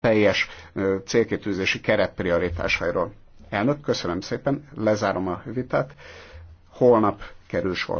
teljes célkitűzési keret prioritásairól. Elnök, köszönöm szépen, lezárom a vitát. Holnap kerül sor.